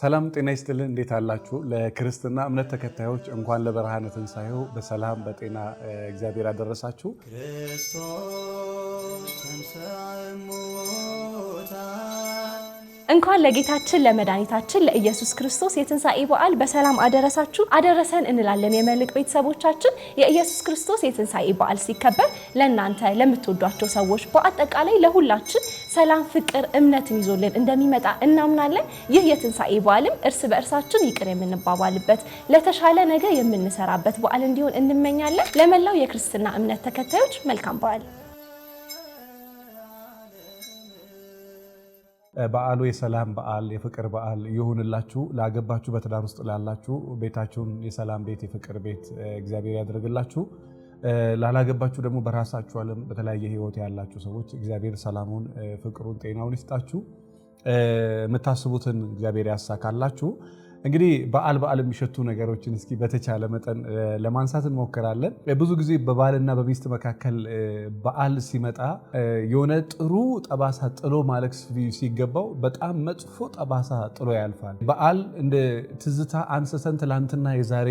ሰላም ጤና ይስጥልን። እንዴት አላችሁ? ለክርስትና እምነት ተከታዮች እንኳን ለብርሃነ ትንሣኤው በሰላም በጤና እግዚአብሔር አደረሳችሁ። ክርስቶስ እንኳን ለጌታችን ለመድኃኒታችን ለኢየሱስ ክርስቶስ የትንሣኤ በዓል በሰላም አደረሳችሁ አደረሰን እንላለን። የመልሕቅ ቤተሰቦቻችን የኢየሱስ ክርስቶስ የትንሣኤ በዓል ሲከበር ለእናንተ ለምትወዷቸው ሰዎች፣ በአጠቃላይ ለሁላችን ሰላም፣ ፍቅር፣ እምነትን ይዞልን እንደሚመጣ እናምናለን። ይህ የትንሣኤ በዓልም እርስ በእርሳችን ይቅር የምንባባልበት ለተሻለ ነገር የምንሰራበት በዓል እንዲሆን እንመኛለን። ለመላው የክርስትና እምነት ተከታዮች መልካም በዓል በዓሉ የሰላም በዓል የፍቅር በዓል ይሁንላችሁ። ላገባችሁ፣ በትዳር ውስጥ ላላችሁ ቤታችሁን የሰላም ቤት የፍቅር ቤት እግዚአብሔር ያደርግላችሁ። ላላገባችሁ ደግሞ በራሳችሁ ዓለም በተለያየ ህይወት ያላችሁ ሰዎች እግዚአብሔር ሰላሙን፣ ፍቅሩን፣ ጤናውን ይስጣችሁ። የምታስቡትን እግዚአብሔር ያሳካላችሁ። እንግዲህ በዓል በዓል የሚሸቱ ነገሮችን እስኪ በተቻለ መጠን ለማንሳት እንሞክራለን። ብዙ ጊዜ በባልና በሚስት መካከል በዓል ሲመጣ የሆነ ጥሩ ጠባሳ ጥሎ ማለክ ሲገባው በጣም መጥፎ ጠባሳ ጥሎ ያልፋል። በዓል እንደ ትዝታ አንስተን ትላንትና የዛሬ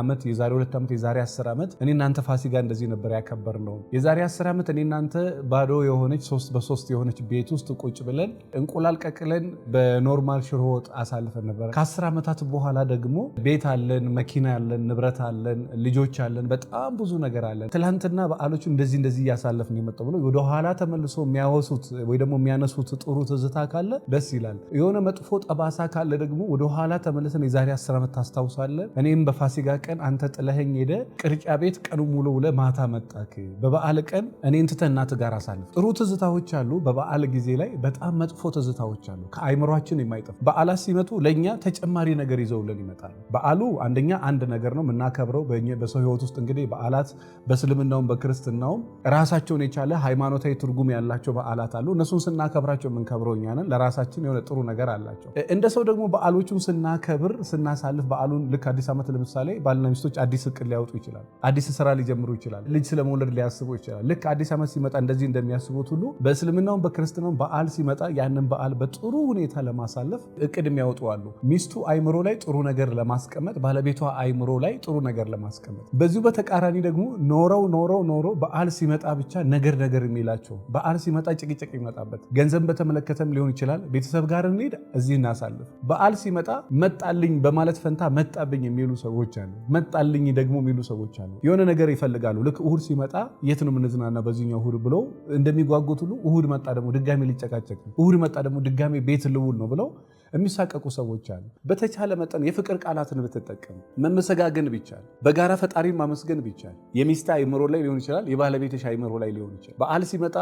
ዓመት የዛሬ ሁለት ዓመት የዛሬ አስር ዓመት እኔ እናንተ ፋሲካ እንደዚህ ነበር ያከበር ነው። የዛሬ አስር ዓመት እኔ እናንተ ባዶ የሆነች ሶስት በሶስት የሆነች ቤት ውስጥ ቁጭ ብለን እንቁላል ቀቅለን በኖርማል ሽሮ ወጥ አሳልፈን ነበር። ዓመታት በኋላ ደግሞ ቤት አለን፣ መኪና አለን፣ ንብረት አለን፣ ልጆች አለን፣ በጣም ብዙ ነገር አለን። ትላንትና በዓሎቹ እንደዚህ እንደዚህ እያሳለፍ ነው የመጣው ብሎ ወደኋላ ተመልሶ የሚያወሱት ወይ ደግሞ የሚያነሱት ጥሩ ትዝታ ካለ ደስ ይላል። የሆነ መጥፎ ጠባሳ ካለ ደግሞ ወደኋላ ተመልሰን የዛሬ አስር ዓመት ታስታውሳለን። እኔም በፋሲጋ ቀን አንተ ጥለኸኝ ሄደ ቅርጫ ቤት ቀኑ ሙሉ ውለ ማታ መጣክ። በበዓል ቀን እኔ ትተህ ጋር አሳልፍ። ጥሩ ትዝታዎች አሉ። በበዓል ጊዜ ላይ በጣም መጥፎ ትዝታዎች አሉ፣ ከአይምሯችን የማይጠፍ በዓላት ሲመጡ ለእኛ ተጨማ ተጨማሪ ነገር ይዘውልን ይመጣል። በዓሉ አንደኛ አንድ ነገር ነው የምናከብረው በሰው ህይወት ውስጥ እንግዲህ በዓላት በእስልምናውም በክርስትናውም ራሳቸውን የቻለ ሃይማኖታዊ ትርጉም ያላቸው በዓላት አሉ። እነሱን ስናከብራቸው የምንከብረው እኛ ነን። ለራሳችን የሆነ ጥሩ ነገር አላቸው። እንደ ሰው ደግሞ በዓሎቹን ስናከብር ስናሳልፍ፣ በዓሉን ልክ አዲስ ዓመት ለምሳሌ ባልና ሚስቶች አዲስ እቅድ ሊያወጡ ይችላል። አዲስ ስራ ሊጀምሩ ይችላል። ልጅ ስለመውለድ ሊያስቡ ይችላል። ልክ አዲስ ዓመት ሲመጣ እንደዚህ እንደሚያስቡት ሁሉ በእስልምናውም በክርስትናውም በዓል ሲመጣ ያንን በዓል በጥሩ ሁኔታ ለማሳለፍ እቅድ የሚያወጡ አሉ። ሚስቱ አይምሮ ላይ ጥሩ ነገር ለማስቀመጥ ባለቤቷ አይምሮ ላይ ጥሩ ነገር ለማስቀመጥ በዚሁ በተቃራኒ ደግሞ ኖረው ኖረው ኖሮ በዓል ሲመጣ ብቻ ነገር ነገር የሚላቸው በዓል ሲመጣ ጭቅጭቅ ይመጣበት ገንዘብ በተመለከተም ሊሆን ይችላል። ቤተሰብ ጋር እንሄድ፣ እዚህ እናሳልፍ። በዓል ሲመጣ መጣልኝ በማለት ፈንታ መጣብኝ የሚሉ ሰዎች አሉ። መጣልኝ ደግሞ የሚሉ ሰዎች አሉ። የሆነ ነገር ይፈልጋሉ። ልክ እሁድ ሲመጣ የት ነው የምንዝናና በዚህኛው እሁድ ብሎ እንደሚጓጉት ሁሉ እሁድ መጣ ደግሞ ድጋሜ ሊጨቃጨቅ፣ እሁድ መጣ ደግሞ ድጋሜ ቤት ልውል ነው ብለው የሚሳቀቁ ሰዎች አሉ። በተቻለ መጠን የፍቅር ቃላትን ብትጠቀም መመሰጋገን ቢቻል፣ በጋራ ፈጣሪን ማመስገን ቢቻል፣ የሚስት አይምሮ ላይ ሊሆን ይችላል፣ የባለቤትሽ አይምሮ ላይ ሊሆን ይችላል። በዓል ሲመጣ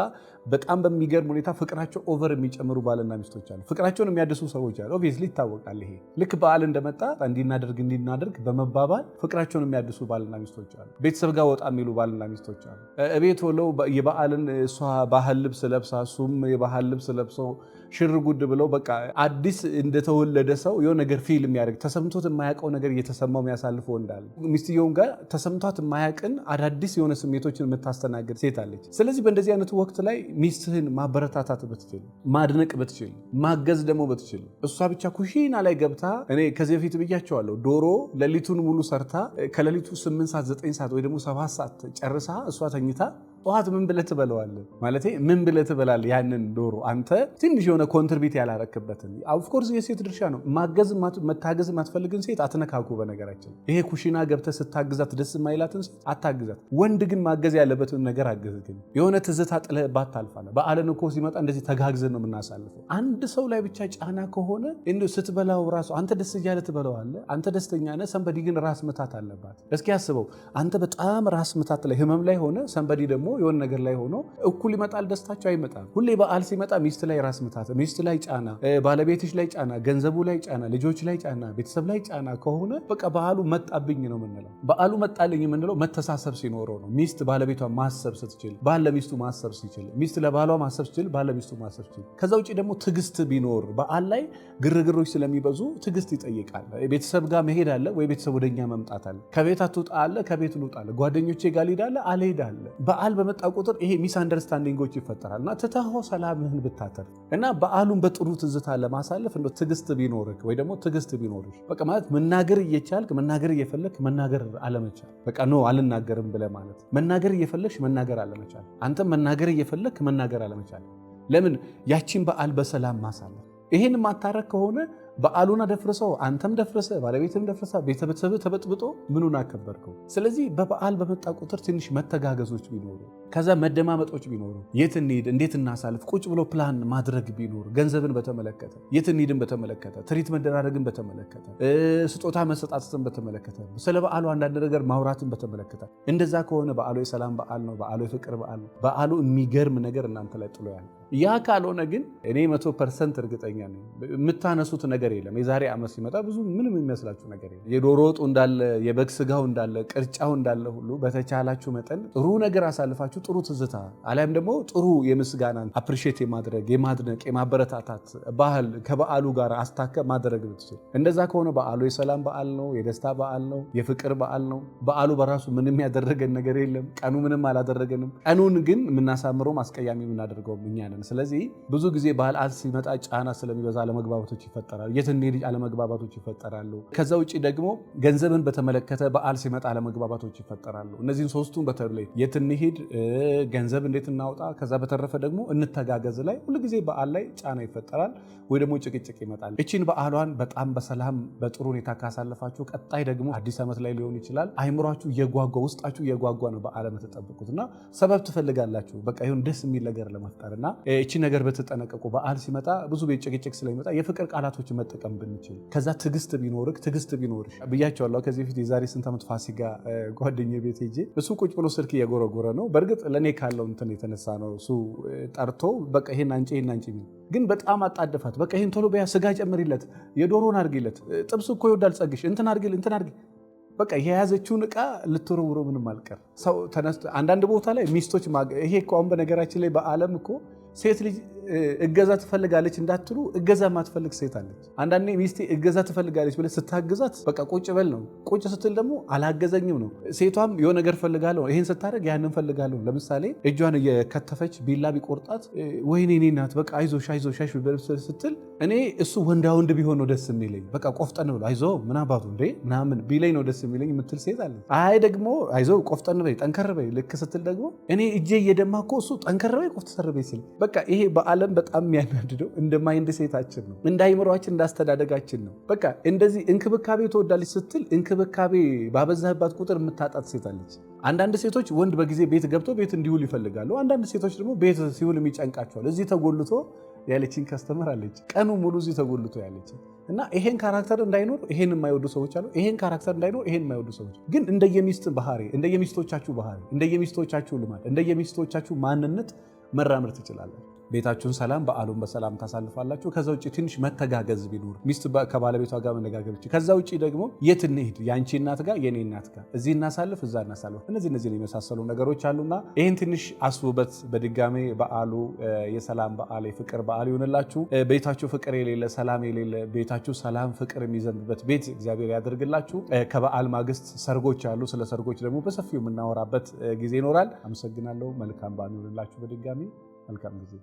በጣም በሚገርም ሁኔታ ፍቅራቸው ኦቨር የሚጨምሩ ባልና ሚስቶች አሉ። ፍቅራቸውን የሚያድሱ ሰዎች አሉ። ኦብቪየስሊ ይታወቃል። ይሄ ልክ በዓል እንደመጣ እንዲናደርግ እንዲናደርግ በመባባል ፍቅራቸውን የሚያድሱ ባልና ሚስቶች አሉ። ቤተሰብ ጋር ወጣ የሚሉ ባልና ሚስቶች አሉ። እቤት ወለው የበዓልን እሷ ባህል ልብስ ለብሳ እሱም የባህል ልብስ ለብሰው ሽርጉድ ብለው በቃ አዲስ እንደተወለደ ሰው የሆነ ነገር ፊል የሚያደርግ ተሰምቶት የማያውቀው ነገር እየተሰማው የሚያሳልፈ እንዳለ ሚስትየውም ጋር ተሰምቷት የማያውቅን አዳዲስ የሆነ ስሜቶችን የምታስተናግድ ሴት አለች። ስለዚህ በእንደዚህ አይነቱ ወቅት ላይ ሚስትህን ማበረታታት ብትችል፣ ማድነቅ ብትችል፣ ማገዝ ደግሞ ብትችል እሷ ብቻ ኩሽና ላይ ገብታ እኔ ከዚህ በፊት ብያቸዋለሁ ዶሮ ሌሊቱን ሙሉ ሰርታ ከሌሊቱ 8 ሰዓት 9 ሰዓት ወይ ደግሞ 7 ሰዓት ጨርሳ እሷ ተኝታ ጠዋት ምን ብለህ ትበለዋለህ? ማለቴ ምን ብለህ ትበላለህ? ያንን ዶሮ አንተ ትንሽ የሆነ ኮንትሪቢት ያላረክበትን። ኦፍኮርስ የሴት ድርሻ ነው ማገዝ። መታገዝ የማትፈልግን ሴት አትነካኩ። በነገራችን ይሄ ኩሽና ገብተህ ስታግዛት ደስ የማይላትን ሴት አታግዛት። ወንድ ግን ማገዝ ያለበትን ነገር አገዝ። የሆነ ትዝታ ጥለህባት ታልፋለህ። በዓልን እኮ ሲመጣ እንደዚህ ተጋግዘን ነው የምናሳልፈው። አንድ ሰው ላይ ብቻ ጫና ከሆነ እንደው ስትበላው ራሱ አንተ ደስ እያለ ትበለዋለህ። አንተ ደስተኛ ነህ። ሰንበዲ ግን ራስ ምታት አለባት። እስኪ አስበው አንተ በጣም ራስ ምታት ላይ ህመም ላይ ሆነ ሰንበዲ ደግሞ የሆነ ነገር ላይ ሆኖ እኩል ይመጣል ደስታቸው አይመጣም። ሁሌ በዓል ሲመጣ ሚስት ላይ ራስ ምታት፣ ሚስት ላይ ጫና፣ ባለቤትሽ ላይ ጫና፣ ገንዘቡ ላይ ጫና፣ ልጆች ላይ ጫና፣ ቤተሰብ ላይ ጫና ከሆነ በቃ በዓሉ መጣብኝ ነው የምንለው። በዓሉ መጣልኝ የምንለው መተሳሰብ ሲኖረው ነው። ሚስት ባለቤቷ ማሰብ ስትችል፣ ባል ለሚስቱ ማሰብ ሲችል፣ ሚስት ለባሏ ማሰብ ስትችል፣ ባል ለሚስቱ ማሰብ ሲችል። ከዛ ውጭ ደግሞ ትግስት ቢኖር በዓል ላይ ግርግሮች ስለሚበዙ ትግስት ይጠይቃል። ቤተሰብ ጋር መሄድ አለ ወይ ቤተሰብ ወደኛ መምጣት አለ። ከቤት አትውጣ አለ ከቤት ልውጣ አለ ጓደኞቼ ጋር ልሄድ አለ አልሄድ አለ በዓል በመጣ ቁጥር ይሄ ሚስ አንደርስታንዲንጎች ይፈጠራል እና ትተኸው ሰላምህን ብታተር እና በዓሉን በጥሩ ትዝታ ለማሳለፍ እንደ ትግስት ቢኖርህ ወይ ደግሞ ትግስት ቢኖርሽ በቃ ማለት መናገር እየቻልክ መናገር እየፈለግክ መናገር አለመቻል፣ በቃ ኖ አልናገርም ብለህ ማለት መናገር እየፈለግሽ መናገር አለመቻል፣ አንተም መናገር እየፈለግክ መናገር አለመቻል። ለምን ያቺን በዓል በሰላም ማሳለፍ ይሄን ማታረግ ከሆነ በዓሉን አደፍርሰው አንተም ደፍርሰ ባለቤትም ደፍርሳ ቤተሰብ ተበጥብጦ ምኑን አከበርከው? ስለዚህ በበዓል በመጣ ቁጥር ትንሽ መተጋገዞች ቢኖሩ፣ ከዛ መደማመጦች ቢኖሩ፣ የት እንሂድ፣ እንዴት እናሳልፍ፣ ቁጭ ብሎ ፕላን ማድረግ ቢኖር ገንዘብን በተመለከተ የት እንሂድን በተመለከተ ትሪት መደራረግን በተመለከተ ስጦታ መሰጣትን በተመለከተ ስለ በዓሉ አንዳንድ ነገር ማውራትን በተመለከተ እንደዛ ከሆነ በዓሉ የሰላም በዓል ነው። በዓሉ የፍቅር በዓል ነው። በዓሉ የሚገርም ነገር እናንተ ላይ ጥሎ ያለ ያ ካልሆነ ግን እኔ መቶ ፐርሰንት እርግጠኛ ነኝ የምታነሱት ነገር ነገር የለም። የዛሬ ዓመት ሲመጣ ብዙ ምንም የሚመስላችሁ ነገር የለም። የዶሮ ወጡ እንዳለ፣ የበግ ስጋው እንዳለ፣ ቅርጫው እንዳለ ሁሉ በተቻላችሁ መጠን ጥሩ ነገር አሳልፋችሁ ጥሩ ትዝታ አሊያም ደግሞ ጥሩ የምስጋናን አፕሪሼት የማድረግ የማድነቅ የማበረታታት ባህል ከበዓሉ ጋር አስታከ ማድረግ ብትችል እንደዛ ከሆነ በዓሉ የሰላም በዓል ነው፣ የደስታ በዓል ነው፣ የፍቅር በዓል ነው። በዓሉ በራሱ ምንም ያደረገን ነገር የለም። ቀኑ ምንም አላደረገንም። ቀኑን ግን የምናሳምረው አስቀያሚ የምናደርገው እኛ ነን። ስለዚህ ብዙ ጊዜ በዓል ሲመጣ ጫና ስለሚበዛ አለመግባባቶች ይፈጠራል። የትኔ ልጅ አለመግባባቶች ይፈጠራሉ። ከዛ ውጭ ደግሞ ገንዘብን በተመለከተ በዓል ሲመጣ አለመግባባቶች ይፈጠራሉ። እነዚህን ሶስቱን በተለይ የትንሄድ ገንዘብ እንዴት እናውጣ፣ ከዛ በተረፈ ደግሞ እንተጋገዝ ላይ ሁልጊዜ በዓል ላይ ጫና ይፈጠራል ወይ ደግሞ ጭቅጭቅ ይመጣል። እቺን በዓሏን በጣም በሰላም በጥሩ ሁኔታ ካሳለፋችሁ ቀጣይ ደግሞ አዲስ ዓመት ላይ ሊሆን ይችላል አይምሯችሁ የጓጓ ውስጣችሁ የጓጓ ነው በዓል የምትጠብቁት እና ሰበብ ትፈልጋላችሁ በቃ ይሁን ደስ የሚል ነገር ለመፍጠር እና እቺ ነገር በተጠነቀቁ በዓል ሲመጣ ብዙ ጭቅጭቅ ስለሚመጣ የፍቅር ቃላቶች መ መጠቀም ብንችል ከዛ ትግስት ቢኖርክ ትግስት ቢኖርሽ ብያቸዋለሁ። ከዚህ በፊት የዛሬ ስንት ዓመት ፋሲካ ጓደኛ ቤት ሄጄ እሱ ቁጭ ብሎ ስልክ እየጎረጎረ ነው። በእርግጥ ለእኔ ካለው እንትን የተነሳ ነው። እሱ ጠርቶ በቃ ይሄን አንጭ ይሄን አንጭ ግን በጣም አጣደፋት። በቃ ይሄን ቶሎ በያ ስጋ ጨምሪለት፣ የዶሮን አድርጊለት፣ ጥብስ እኮ ይወዳል ጸግሽ፣ እንትን አድርጊ እንትን አድርጊ በቃ የያዘችውን እቃ ልትወረውሮ ምንም አልቀር። ሰው ተነስቶ አንዳንድ ቦታ ላይ ሚስቶች ይሄ እኮ አሁን በነገራችን ላይ በዓለም እኮ ሴት ልጅ እገዛ ትፈልጋለች እንዳትሉ፣ እገዛ ማትፈልግ ሴት አለች። አንዳንዴ ሚስቴ እገዛ ትፈልጋለች ብለህ ስታግዛት በቃ ቁጭ በል ነው። ቁጭ ስትል ደግሞ አላገዘኝም ነው። ሴቷም የሆነ ነገር ፈልጋለሁ፣ ይህን ስታደርግ ያንን ፈልጋለሁ። ለምሳሌ እጇን እየከተፈች ቢላ ቢቆርጣት ወይኔ እኔ ናት በቃ አይዞሽ አይዞሽ ስትል እኔ እሱ ወንዳ ወንድ ቢሆን ነው ደስ የሚለኝ። በቃ ቆፍጠን ብሎ አይዞ ምናባቱ እንዴ ምናምን ቢለኝ ነው ደስ የሚለኝ የምትል ሴት አለች። አይ ደግሞ አይዞ ቆፍጠን በይ ጠንከር በይ ልክ ስትል ደግሞ እኔ እጄ እየደማ እኮ እሱ ጠንከር በይ ቆፍጠን በይ ሲል በቃ ይሄ ዓለም በጣም የሚያናድደው እንደ ማይንድ ሴታችን ነው፣ እንደ አይምሯችን፣ እንደ አስተዳደጋችን ነው። በቃ እንደዚህ እንክብካቤ ትወዳለች ስትል እንክብካቤ ባበዛህባት ቁጥር የምታጣት ሴታለች። አንዳንድ ሴቶች ወንድ በጊዜ ቤት ገብቶ ቤት እንዲውል ይፈልጋሉ። አንዳንድ ሴቶች ደግሞ ቤት ሲውል የሚጨንቃቸዋል። እዚህ ተጎልቶ ያለችን ከስተመር አለች ቀኑ ሙሉ እዚህ ተጎልቶ ያለች እና ይሄን ካራክተር እንዳይኖር ይሄን የማይወዱ ሰዎች አሉ። ይሄን ካራክተር እንዳይኖር ይሄን የማይወዱ ሰዎች ግን እንደየሚስት ባህሪ፣ እንደየሚስቶቻችሁ ባህሪ፣ እንደየሚስቶቻችሁ ልማድ፣ እንደየሚስቶቻችሁ ማንነት መራመድ ትችላለን። ቤታችሁን ሰላም በዓሉን በሰላም ታሳልፋላችሁ። ከዛ ውጭ ትንሽ መተጋገዝ ቢኖር ሚስት ከባለቤቷ ጋር መነጋገር ይችላል። ከዛ ውጭ ደግሞ የት እንሂድ፣ የአንቺ እናት ጋር የኔ እናት ጋር፣ እዚህ እናሳልፍ፣ እዛ እናሳልፍ፣ እነዚህ እነዚህ የመሳሰሉ ነገሮች አሉና ይህን ትንሽ አስቡበት። በድጋሜ በዓሉ የሰላም በዓል የፍቅር በዓል ይሆንላችሁ። ቤታችሁ ፍቅር የሌለ ሰላም የሌለ ቤታችሁ ሰላም ፍቅር የሚዘንብበት ቤት እግዚአብሔር ያደርግላችሁ። ከበዓል ማግስት ሰርጎች አሉ። ስለ ሰርጎች ደግሞ በሰፊው የምናወራበት ጊዜ ይኖራል። አመሰግናለሁ። መልካም በዓል ይሆንላችሁ። በድጋሜ መልካም ጊዜ